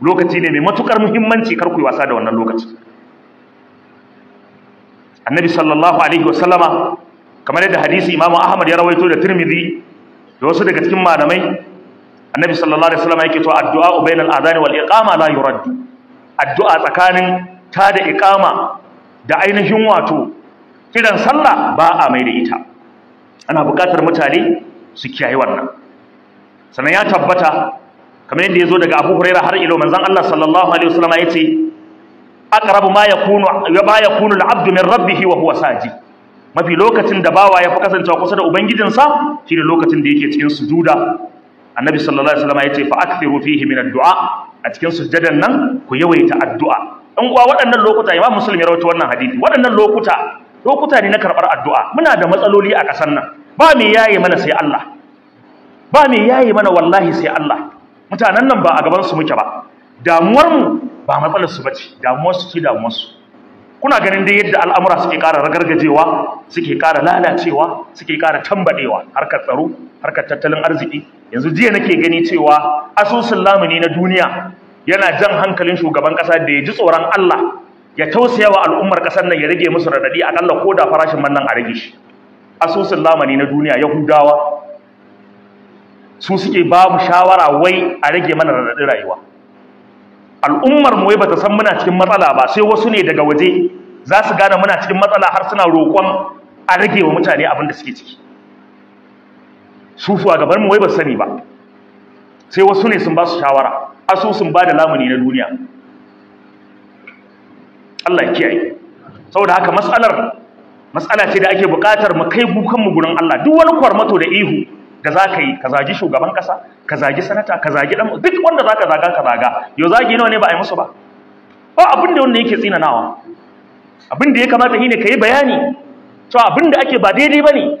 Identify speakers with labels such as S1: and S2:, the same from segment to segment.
S1: lokaci ne mai matukar muhimmanci kar ku yi wasa da wannan lokaci annabi sallallahu alaihi wa sallama kamar yadda hadisi imamu ahmad ya rawaito da tirmidhi
S2: da wasu daga cikin malamai
S1: annabi sallallahu alaihi wa sallama yake to addu'a bainal adhan wal iqama la yurad addu'a tsakanin ta da iqama da ainihin wato kiran sallah ba a mai da ita ana bukatar mutane su kiyaye wannan sannan ya tabbata kamar yadda ya zo daga abu huraira har ilo manzan allah sallallahu alaihi wasallam ya ce aqrabu ma yakunu ma yakunu al min rabbihi wa huwa mafi lokacin da bawa ya fi kasancewa kusa da ubangijinsa shine lokacin da yake cikin sujuda annabi sallallahu alaihi wasallam yace fa akthiru fihi min ad-du'a a cikin sujudan nan ku yawaita addu'a in kuwa waɗannan lokuta imam muslim ya rawaito wannan hadisi waɗannan lokuta lokuta ne na karɓar addu'a muna da matsaloli a ƙasar nan ba me yayi mana sai Allah ba me yayi mana wallahi sai Allah mutanen nan ba a gaban su muke ba damuwar mu ba matsalar su ce, damuwar su ce damuwar su
S2: kuna ganin dai yadda al'amura suke ƙara ragargajewa suke ƙara lalacewa
S1: suke ƙara tambadewa harkar tsaro harkar tattalin arziki yanzu jiya nake gani cewa asusun lamuni na duniya yana jan hankalin shugaban ƙasa da ya ji tsoron Allah ya tausaya wa al'ummar ƙasar nan ya rage musu radadi akalla ko da farashin man nan a rage shi asusun lamani na duniya yahudawa su suke babu shawara wai a rage mana raɗaɗin rayuwa al'ummar mu wai bata san muna cikin matsala ba sai wasu ne daga waje za su gane muna cikin matsala har suna roƙon a rage wa mutane abin da suke ciki su su a gaban mu wai ba sani ba sai wasu ne sun ba su shawara asusun ba da lamuni na duniya Allah ya kiyaye saboda haka matsalar matsala ce da ake bukatar mu kai gukan gurin Allah duk wani kwarmato da ihu da za ka yi ka zagi shugaban kasa ka zagi sanata ka zagi dan duk wanda za ka zaga ka zaga yau zagi nawa ne ba a yi musu ba ba abin da wanda yake tsinanawa abin da ya kamata shine ka yi bayani to abin da ake ba daidai ba ne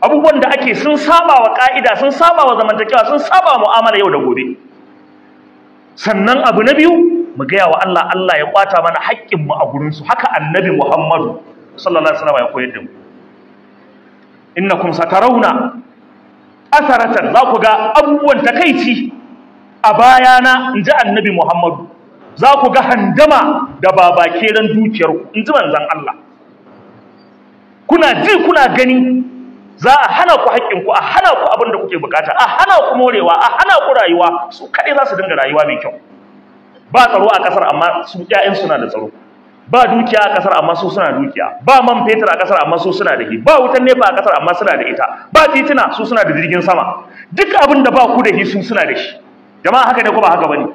S1: abubuwan da ake sun saba wa ka'ida sun saba wa zamantakewa sun saba wa mu'amala yau da gobe sannan abu na biyu mu gaya wa Allah Allah ya kwata mana mu a gurinsu haka annabi Muhammadu sallallahu alaihi wasallam ya koyar da mu innakum satarawna asaratan za ku ga abubuwan takaici a bayana in ji annabi Muhammadu za ku ga handama da babakeran dukiyarku in ji manzon Allah kuna ji kuna gani za a hana ku haƙƙinku a hana ku abin da kuke bukata a hana ku morewa a hana ku rayuwa su kaɗai za su dinga rayuwa mai kyau ba tsaro a ƙasar amma su ƴaƴansu na da tsaro ba dukiya a kasar amma su suna dukiya ba man fetur a kasar amma su suna da shi ba wutan nefa a kasar amma suna da ita ba titina su suna da jirgin sama duk abin da ba ku da shi su suna da shi jama'a haka ne ko ba haka bane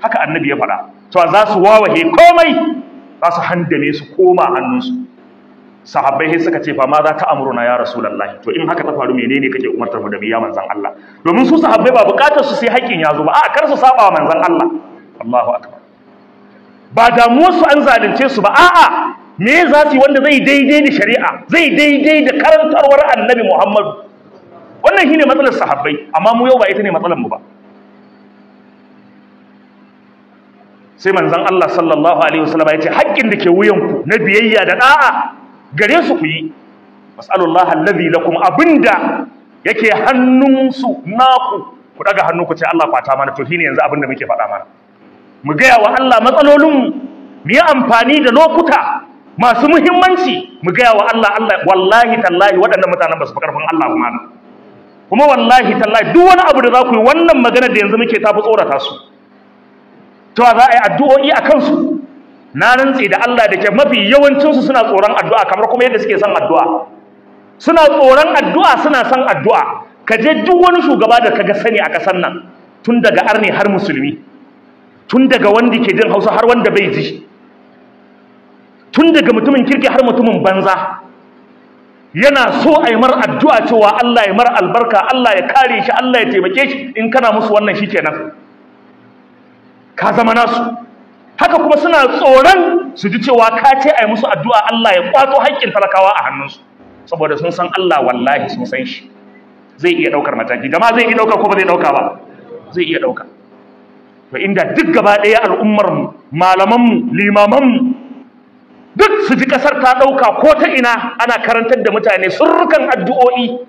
S1: haka annabi ya faɗa to za su wawahe komai za su handame su koma hannun hannunsu sahabbai sai suka ce fa ma za ta amuruna ya rasulullahi to in haka ta faru menene kake umartar mu da biya manzon Allah domin su sahabbai ba bukatar su sai haƙin yazo zo ba a kar su saba manzon Allah Allahu akbar ba damuwarsu an zalunce su ba a'a me za su yi wanda zai daidai da shari'a zai daidai da karantarwar annabi muhammadu wannan shine matsalar sahabbai amma mu yau ba ita ne matsalar mu ba sai manzon Allah sallallahu alaihi wasallam ya ce haƙƙin da ke wuyanku na biyayya da da'a gare su ku yi mas'alullahi allazi lakum abinda yake hannunsu naku ku daga hannu ku ce Allah fata mana to shine yanzu abinda muke faɗa mana mu gaya wa Allah matsalolinmu mu yi amfani da lokuta masu muhimmanci mu gaya wa Allah Allah wallahi tallahi waɗannan mutanen ba su Allah kuma kuma wallahi tallahi duk wani abu da za ku yi wannan magana da yanzu muke tafi tsorata su to za a yi addu'o'i a kansu na rantse da Allah da ke mafi yawancinsu suna tsoron addu'a kamar kuma yadda suke son addu'a suna tsoron addu'a suna son addu'a ka je duk wani shugaba da ka ga sani a ƙasar nan tun daga arne har musulmi tun daga wanda ke jin hausa har wanda bai ji tun daga mutumin kirki har mutumin banza yana so a yi mara addu'a cewa Allah ya mara albarka Allah ya kare shi Allah ya taimake shi in kana musu wannan shi kenan ka zama nasu haka kuma suna tsoron su ji cewa ka ce a yi musu addu'a Allah ya kwato haƙƙin talakawa a hannunsu saboda sun san Allah wallahi sun san shi zai iya ɗaukar mataki jama'a zai iya ɗauka ko ba zai ɗauka ba zai iya ɗauka to inda duk gaba ɗaya al'ummarmu malamanmu limamanmu duk su ji ƙasar ta ɗauka ko ta ina ana karantar da mutane surrukan addu'o'i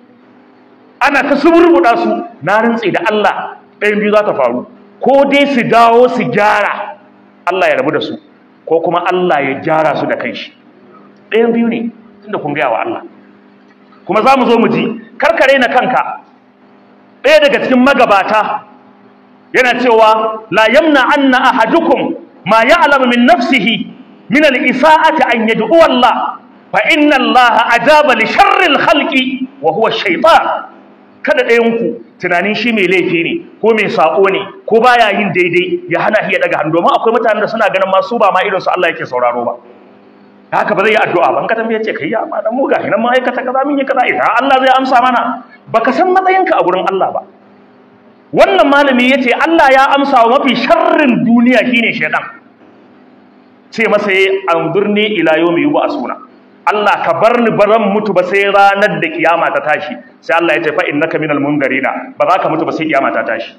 S1: ana ta suburbuɗa su na rintse da Allah ɗayan biyu za ta faru ko dai su dawo su gyara Allah ya rabu da su ko kuma Allah ya gyara su da kanshi ɗayan biyu ne da kun gaya wa Allah kuma za mu zo mu ji karkare na kanka ɗaya daga cikin magabata yana cewa la yamna anna ahadukum ma ya'lamu min nafsihi min al-isa'ati an yad'u Allah fa inna Allah ajaba li sharri al-khalqi wa huwa shaytan kada ɗayan ku tunanin shi mai laifi ne ko mai sako ne ko baya yin daidai ya hana shi ya daga hannu domin akwai mutanen da suna ganin masu su ba ma irin su Allah yake sauraro ba haka ba zai yi addu'a ba ka tambaye ce kai ya ma dan mu ga hinan ma'aikata kaza min yi kaza ita Allah zai amsa mana baka san matsayinka a gurin Allah ba wannan malami ya ce Allah ya amsa wa mafi sharrin duniya shine shaidan ce masa ilayo mai ila a suna. Allah ka bar ni baran mutu ba sai ranar da kiyama ta tashi sai Allah ya ce fa innaka minal na, ba za ka mutu ba sai kiyama ta tashi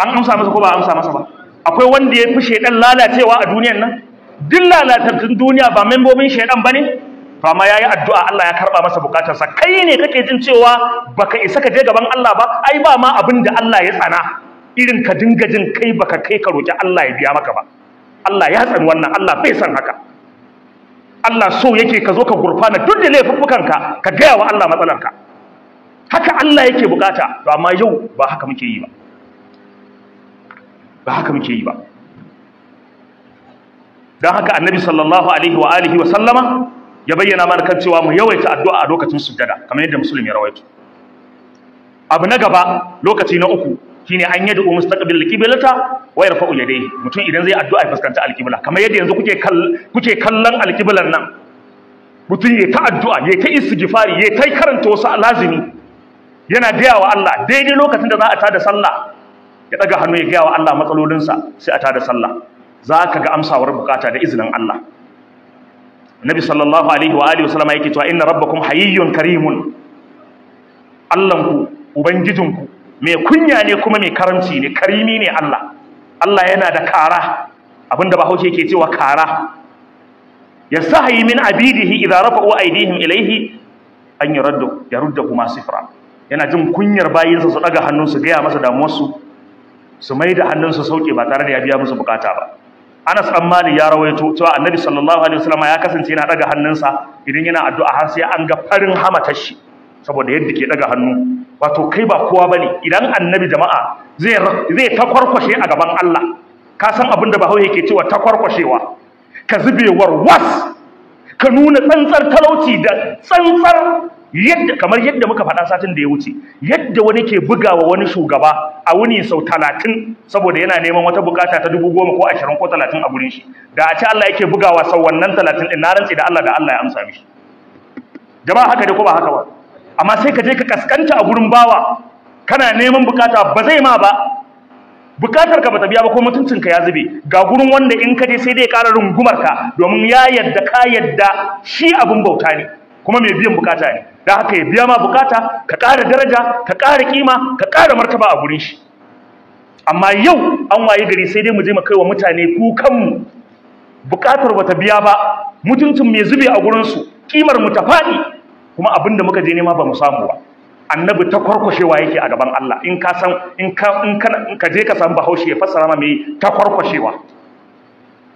S1: an amsa masa ko ba amsa masa ba akwai wanda ya fi shaidan lalacewa a duniyar nan duk lalatattun duniya ba membobin ba ne? fama ya yi addu'a Allah ya karɓa masa bukatarsa kai ne kake jin cewa baka isa ka je gaban Allah ba ai ba ma abin da Allah ya tsana irin ka dinga jin kai baka kai ka roki Allah ya biya maka ba Allah ya tsani wannan Allah bai san haka Allah so yake ka zo ka gurfana duk da laifukanka ka gaya wa Allah matsalanka haka Allah yake bukata to amma yau ba haka muke yi ba ba haka muke yi ba don haka annabi sallallahu alaihi wa alihi wa sallama ya bayyana mana kan cewa mu yawaita addu'a a lokacin sujjada kamar yadda musulmi ya rawaito abu na gaba lokaci na uku shine an yad'u mustaqbil qiblata wa yarfa'u yadayhi mutum idan zai addu'a ya fuskanta alqibla kamar yadda yanzu kuke kuke kallon alqiblan nan mutum ya ta addu'a ya ta istighfari ya ta karanta wasu lazimi yana gaya wa Allah daidai lokacin da za a tada sallah ya daga hannu ya gaya wa Allah matsalolinsa sai a tada sallah za ka ga amsawar bukata da izinin Allah nabi sallallahu alaihi wa alihi salama yake cewa inna rabbakum hayyun karimun Allahnku ubangijinku mai kunya ne kuma mai karamci ne karimi ne Allah Allah yana da kara abinda bahaushe yake cewa kara yasahi min abidihi idza rafa'u aydihim ilayhi an yuraddu yaruddu ma sifra yana jin kunyar bayinsa su daga hannunsu gaya masa damuwarsu su mai da hannunsu sauke ba tare da ya biya musu bukata ba Anas dan ya rawaito cewa Annabi sallallahu alaihi wasallam ya kasance yana daga hannunsa idan yana addu'a har sai an ga farin hamatar shi saboda yadda ke daga hannu wato kai ba kowa bane idan Annabi jama'a zai zai takwarkwashe a gaban Allah ka san abin da Bahaushe ke cewa takwarkwashewa ka zubewar was ka nuna tsantsar talauci da tsantsar kamar yadda muka faɗa satin da ya wuce yadda wani ke bugawa wani shugaba a wuni sau talatin saboda yana neman wata bukata ta dubu goma ko ashirin ko talatin a gurin shi da a ce Allah yake bugawa sau wannan talatin in na rantse da Allah da Allah ya amsa mishi jama'a haka da ko ba haka ba amma sai ka je ka kaskanta a gurin bawa kana neman bukata ba zai ma ba bukatar ka bata biya ba ko mutuncin ka ya zube ga gurin wanda in ka je sai dai ƙara rungumar ka domin ya yadda ka yadda shi abin bauta ne kuma mai biyan bukata ne da haka ya biya ma bukata ka ƙara daraja ka ƙara ƙima, ka ƙara martaba a gurin shi amma yau an waye gari sai dai mu je mu kai wa mutane kukanmu bukatar bata biya ba mutuncin mai zube a gurinsu ƙimar mu ta faɗi kuma abin da muka je nema ba mu samu ba annabi ta kwarkwashewa yake a gaban Allah in ka san in ka in ka je ka san bahaushe ya fassara ma mai ta kwarkwashewa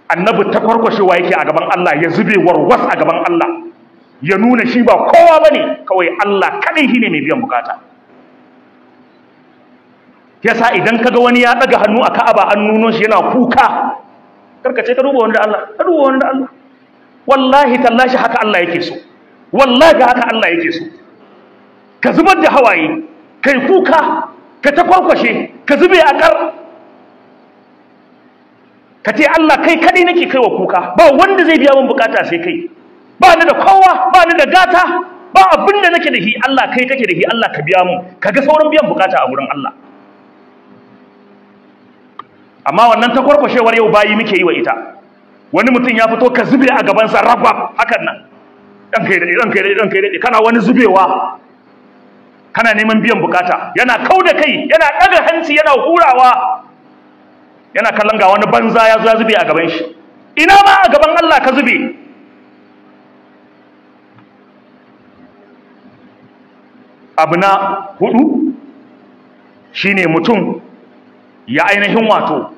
S1: annabi ta kwarkwashewa yake a gaban Allah ya zube warwas a gaban Allah ya nuna shi ba kowa ba ne kawai Allah kadai shine mai biyan bukata yasa idan kaga wani ya daga hannu a Ka'aba an nuno shi yana kuka karkace ka duba wani da Allah ka duba wani da Allah wallahi tallashi haka Allah yake so wallahi haka Allah yake so ka zubar da hawaye kai kuka ka ta kwarkwashe ka zube a kar ka ce Allah kai kadai nake kai wa kuka ba wanda zai biya min bukata sai kai ba ni da kowa ba ni da gata ba abin da nake da shi Allah kai kake da shi Allah ka biya mu kaga sauran biyan bukata a wurin Allah amma wannan ta takwarkwashewar yau bayi muke yi wa ita wani mutum ya fito ka zube a gaban sa rabab hakan nan dan kai dai dan kai dai dan kai dai kana wani zubewa kana neman biyan bukata yana kauda kai yana daga hanci yana hurawa yana kallon ga wani banza ya zo ya zube a gaban shi ina ma a gaban Allah ka zube abu na hudu shine mutum ya ainihin wato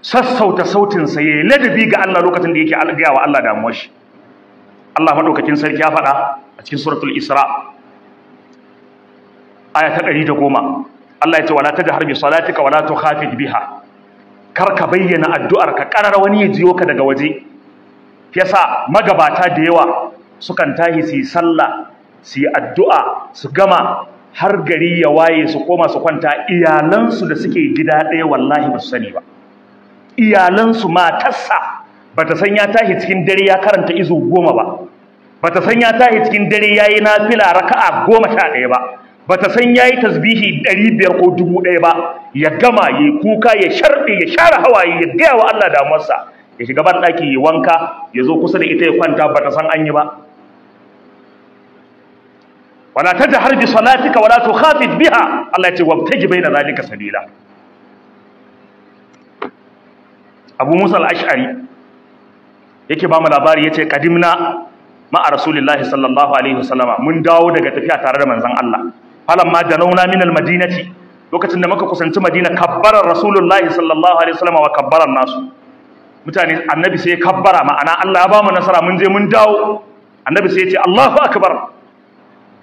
S1: sassauta sautinsa ya yi ladabi ga Allah lokacin da yake gaya wa Allah damuwar shi Allah maɗaukakin sarki ya faɗa a cikin suratul isra aya ta ɗari da goma Allah ya ce wala tajhar bi salatika wala tukhafid biha kar ka bayyana addu'ar ka karar wani ya jiyo ka daga waje yasa magabata da yawa sukan tahi su sallah su yi addu'a su gama har gari ya waye su koma su kwanta iyalansu da suke gida ɗaya wallahi ba su sani ba iyalansu matarsa ba ta san ya tahi cikin dare ya karanta izo goma ba ba ta san ya tahi cikin dare ya yi nafila raka'a goma sha ɗaya ba ba ta san ya yi tasbihi ɗari biyar ko dubu ɗaya ba ya gama ya kuka ya sharɗe ya share hawaye ya gaya wa Allah damuwarsa ya shiga ban ɗaki ya wanka ya zo kusa da ita ya kwanta ba ta san an yi ba wala tajhar bi salatika wala tukhafit biha Allah ya ce wabtaji baina zalika sabila Abu Musa al-Ash'ari yake ba mu labari yace qadimna ma'a rasulillahi sallallahu alaihi wasallama mun dawo daga tafiya tare da manzon Allah falamma danauna min al-madinati lokacin da muka kusanci Madina kabbara rasulullahi sallallahu alaihi wasallama wa kabbara nasu mutane annabi sai ya kabbara ma'ana Allah ya ba mu nasara mun je mun dawo annabi sai ya ce Allahu akbar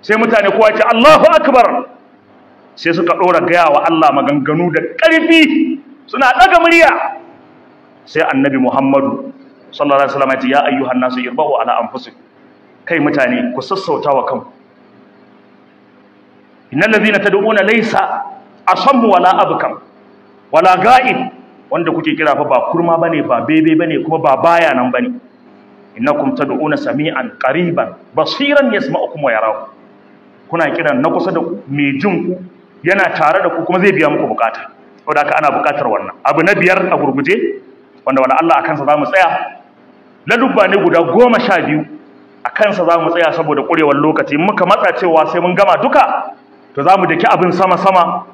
S1: sai mutane kowa ce Allahu akbar sai suka dora gaya wa Allah maganganu da ƙarfi suna daga murya sai annabi Muhammadu sallallahu alaihi wasallam ya ce ya ayyuhan nasu irbahu ala anfusikum kai mutane ku sassauta wa kanku innal ladhina tad'una laysa asammu wala abkam wala ga'in, wanda kuke kira fa ba kurma bane ba bebe bane kuma ba baya nan bane innakum tad'una sami'an qariban basiran yasma'ukum wa yarakum kuna kiran na kusa da mai jin ku yana tare da ku kuma zai biya muku bukata saboda aka ana bukatar wannan abu na biyar a gurguje wanda wani Allah a kansa za mu tsaya ladubba ne guda goma sha biyu a kansa za mu tsaya saboda kurewar lokaci muka matsa cewa sai mun gama duka to za mu daki abin sama sama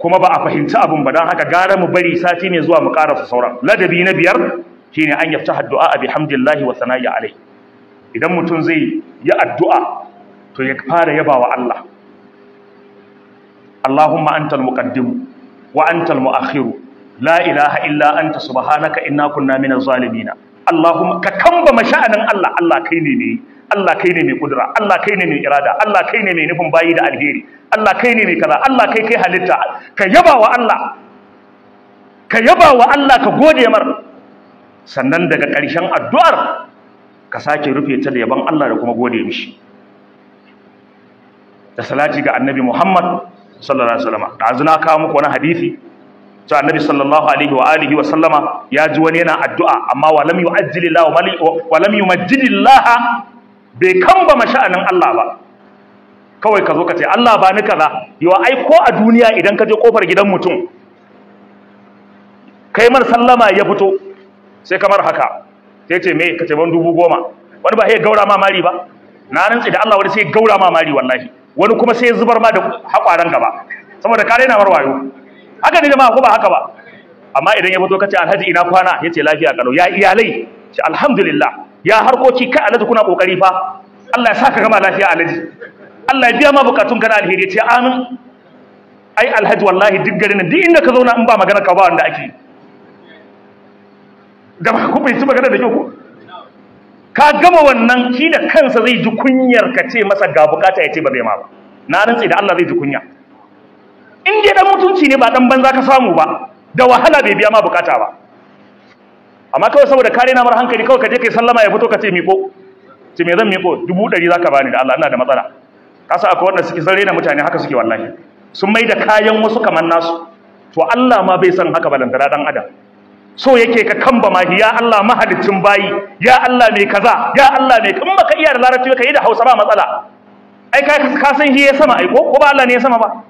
S1: kuma ba a fahimci abin ba Don haka gara mu bari sati ne zuwa mu karasa sauran ladabi na biyar shine an yafta addu'a bihamdillahi wa sana'i alai idan mutum zai yi addu'a to ya fara yabawa Allah Allahumma antal muqaddim wa antal muakhiru la ilaha illa anta subhanaka inna kunna minaz zalimin Allahumma ka kamba masha'anin Allah Allah kai ne ne Allah kai ne mai kudura Allah kai ne mai irada Allah kai ne mai nufin bayi da alheri Allah kai ne mai kaza Allah kai kai halitta ka yabawa Allah ka yabawa Allah ka gode mar sannan daga ƙarshen addu'ar ka sake rufe ta da yabon Allah da kuma gode mishi da salati ga annabi Muhammad sallallahu alaihi wasallam dazu na kawo muku wani hadisi to annabi sallallahu alaihi wa alihi wa sallama ya ji wani yana addu'a amma wa lam yu'ajjilillahu wa lam yumajjilillaha bai kamba masha'anin Allah ba kawai ka zo ka ce Allah ba ni kaza yawa ai ko a duniya idan ka je kofar gidan mutum kai mar sallama ya fito sai kamar haka sai ce me ka ce ban dubu goma wani ba sai gaura ma mari ba na rantsi da Allah wani sai gaura ma mari wallahi wani kuma sai zubar ma da haƙwaran gaba saboda kare na marwayo haka ne jama'a ko ba haka ba amma idan ya fito kace alhaji ina kwana yace lafiya kano ya iyalai ce alhamdulillah ya harkoki kai alhaji kuna kokari fa Allah ya saka gama lafiya alhaji Allah ya biya ma bukatun ka na alheri ce amin ai alhaji wallahi duk garin duk inda ka zauna in ba magana ka ba wanda ake gaba ku bai su magana da kyau ko ka gama wannan shi da kansa zai ji kunyar ka ce masa ga bukata ya ce ba zai ma ba na rantsi da Allah zai ji kunya in dai dan mutunci ne ba dan banza ka samu ba da wahala bai biya ma bukata ba amma kawai saboda kare na mar hankali kawai ka je kai sallama ya fito ka ce miko ce me zan miko dubu ɗari zaka bani da Allah ina da matsala kasa akwai wanda suke san na mutane haka suke wallahi sun mai da kayan wasu kamar nasu to Allah ma bai san haka balantara dan adam so yake ka kamba mahi ya Allah mahalicin bayi ya Allah mai kaza ya Allah mai kuma ka iya da larabci ka yi da Hausa ba matsala ai ka san shi ya sama aiko ko ba Allah ne ya sama ba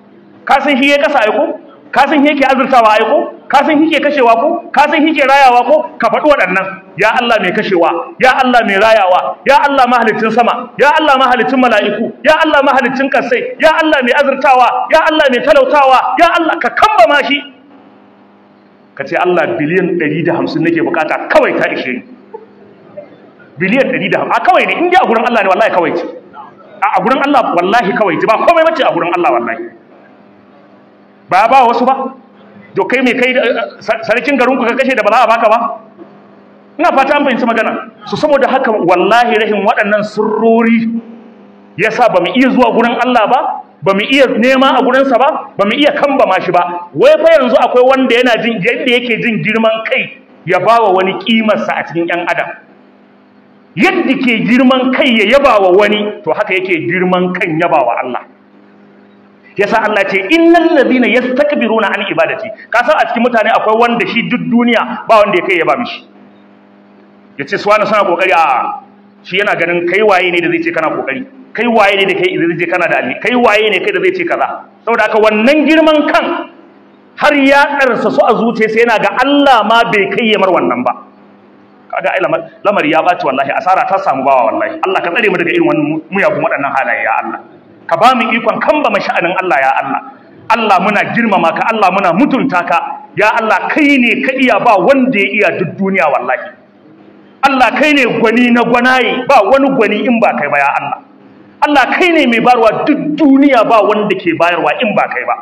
S1: ka san shi ya kasa aiko ka san shi yake azurtawa aiko ka san shi yake kashewa ko ka san shi yake rayawa ko ka faɗi waɗannan ya Allah mai kashewa ya Allah mai rayawa ya Allah mahalicin sama ya Allah mahalicin mala'iku ya Allah mahalicin kasai ya Allah mai azurtawa ya Allah mai talautawa ya Allah ka kamba mashi ka ce Allah biliyan 150 nake bukata kawai ta ishe ni biliyan 150 a kawai ne in a gurin Allah ne wallahi kawai ce a gurin Allah wallahi kawai ce ba komai bace a gurin Allah wallahi ba ba wasu ba to kai me kai eh, eh, sarkin garin ku ka kashe da ba za a baka ba ina fata an fahimci magana su saboda haka wallahi rahim waɗannan sirrori yasa ba mu iya zuwa gurin Allah ba ba mu iya nema a gurinsa ba ba mu iya kamba ma shi ba wai fa yanzu akwai wanda yana jin yadda yake jin girman kai ya bawa wani kimarsa a cikin ƴan adam yadda ke girman kai ya yabawa wani to haka yake girman kan yabawa Allah yasa Allah ce innal ladina yastakbiruna an ibadati ka san a cikin mutane akwai wanda shi duk duniya ba wanda ya kai ya ba mishi yace suwana suna kokari a shi yana ganin kai waye ne da zai ce kana kokari kai waye ne da kai idan je kana da ali kai waye ne kai da zai ce kaza saboda haka wannan girman kan har ya karsa su a zuciya sai yana ga Allah ma bai kai yamar wannan ba kaga ai lamari ya baci wallahi asara ta samu bawa wallahi Allah ka tsare mu daga irin wannan muyagun waɗannan halaye ya Allah ka ba mu ikon kan ba masha'anin Allah ya Allah Allah muna girmama ka Allah muna mutunta ka ya Allah kai ne ka iya ba wanda ya iya duk duniya wallahi Allah kai ne gwani na gwanaye ba wani gwani in ba kai ba ya Allah Allah kai ne mai barwa duk duniya ba wanda ke bayarwa in ba kai ba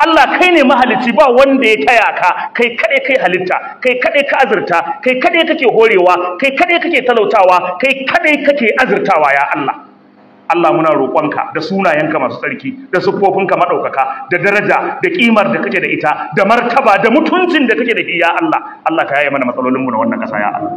S1: Allah kai ne mahalicci ba wanda ya taya ka kai kaɗai kai halitta kai kaɗai ka azurta kai kaɗai kake horewa kai kaɗai kake talautawa kai kaɗai kake azurtawa ya Allah Allah muna roƙonka da sunayenka masu tsarki da sufofinka maɗaukaka da daraja da ƙimar da kake da ita da martaba da mutuncin da kake da shi ya Allah Allah ka yaye mana matsalolinmu na wannan ƙasa ya Allah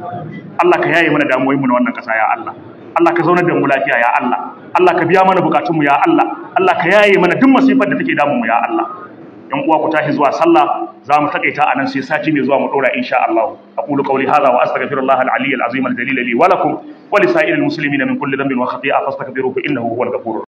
S1: Allah ka yaye mana damuwoyinmu na wannan ƙasa ya Allah Allah ka zaunar da mu lafiya ya Allah Allah ka biya mana bukatunmu ya Allah Allah ka yaye mana duk masifar da take damu mu ya Allah yan uwa ku tashi zuwa sallah za mu takaita anan sai sati mai zuwa mu dora insha Allah aqulu qawli hadha wa astaghfirullah al-ali al-azim al-jalil li wa lakum wa li sa'iril muslimina min kulli dhanbin wa khati'a fastaghfiruhu innahu huwal ghafurur